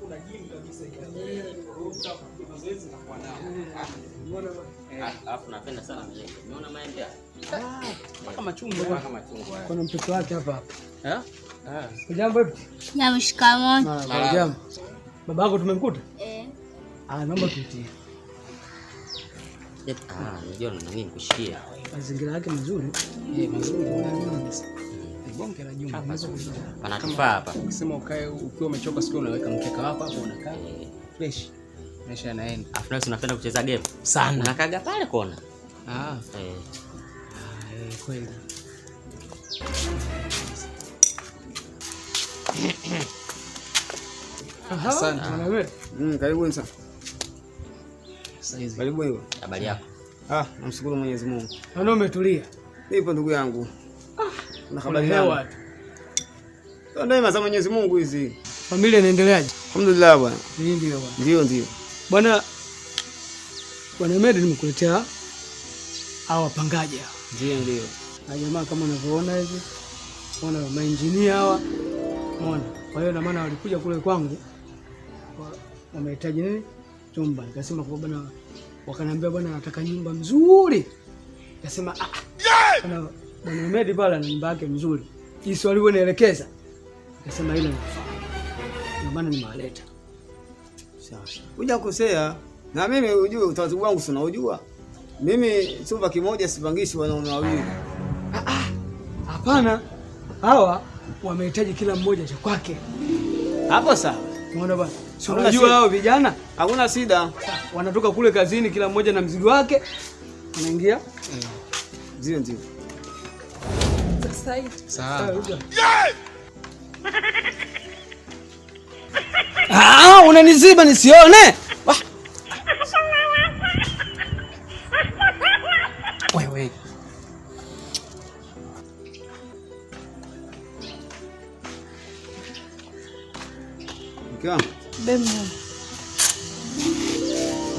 kuna jimu mtoto wake hapa. Eh? Jambo vipi? Jambo, Jambo. Baba yako tumemkuta? Eh. Ah, naomba tutie. Ah, Mazingira yake mazuri. Eh, mazuri bonge la jumba nzuri. Panatufaa hapa. Ukisema ukae ukiwa umechoka unaweka mkeka hapa hapo unakaa. Fresh. Maisha yanaenda. Afu kucheza game sana. Unakaga pale kona. Ah. Eh. Ah, eh kweli. Asante. Mm, sana. Habari yako? Ah, namshukuru Mwenyezi Mungu. Umetulia? Nipo ndugu yangu na habari tu. Neema za Mwenyezi Mungu hizi. Familia inaendeleaje? Alhamdulillah bwana. Ndio bwana. Ndio ndio. Bwana Bwana Ahmed nimekuletea hawa wapangaji Ndio ndio. Na jamaa kama unavyoona hivi. Unaona wa engineer hawa. Unaona? Kwa hiyo na maana walikuja kule kwangu. Wamehitaji nini? Chumba. Nikasema kwa bwana wakaniambia bwana nataka nyumba nzuri. Nikasema ah. Yeah! Bwana pale na nyumba yake nzuri. Jinsi walivyonielekeza. Akasema hilo nafaa. Ndio maana nimewaleta. Sawa. Hujakosea. Na mimi ujue utaratibu wangu sana unaujua. Mimi chumba kimoja sipangishi wanaume wawili. Ah ah. Hapana. Hawa wamehitaji kila mmoja cha kwake. Hapo sawa. Unaona bwana? Si unajua hao vijana? Hakuna shida. Wanatoka kule kazini kila mmoja na mzigo wake. Anaingia? Ndio, eh. ndio. Ah, unaniziba nisione.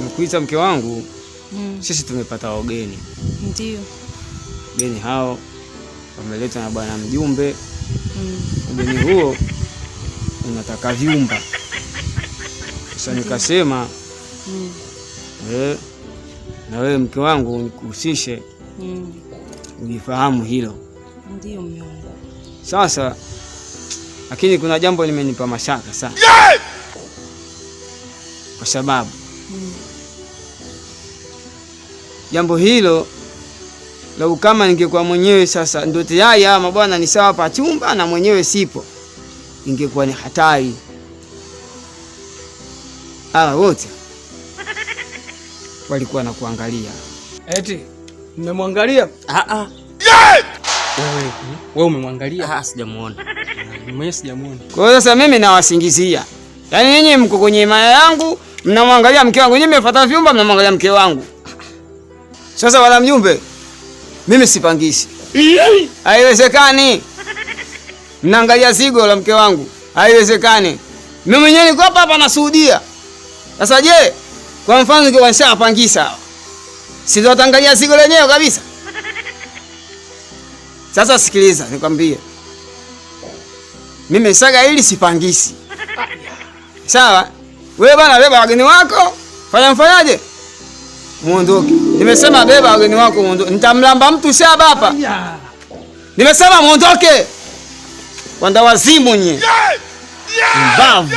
Mkuita ah. mke wangu. Mm. Sisi tumepata wageni. Ndio. geni hao wameletwa na bwana mjumbe. Ugeni huo unataka vyumba sasa. mm Nikasema mm. eh, na wewe mke wangu unikuhusishe mm. ulifahamu hilo ndio Mungu. Sasa lakini kuna jambo limenipa mashaka sana yeah! kwa sababu mm. jambo hilo lau kama ningekuwa mwenyewe sasa, ndoto tayari ama mabwana ni sawa pachumba na mwenyewe sipo, ingekuwa ni hatari hawa wote walikuwa na kuangalia. Eti mmemwangalia? Ah, ah. Wewe wewe umemwangalia? Ah, sijamuona mimi, sijamuona. Kwa hiyo sasa mimi nawasingizia, yaani ninyi mko kwenye maya yangu, mnamwangalia mke wangu. nyinyi mmefuata vyumba, mnamwangalia mke wangu. Sasa wala mjumbe mimi sipangishi, haiwezekani. Mnaangalia zigo la mke wangu, haiwezekani. Mimi mwenyewe niko hapa hapa nashuhudia. Sasa je, kwa mfano ningekuwa nishapangisha hawa, si zigo lenyewe kabisa? Sasa sikiliza, nikwambie mimi saga hili sipangisi sawa? Wewe bana, beba wageni wako, fanya mfanyaje, muondoke. Nimesema beba wageni wako, nitamlamba mtu shaba hapa. Nimesema muondoke, wanda wazimu nye mbavu.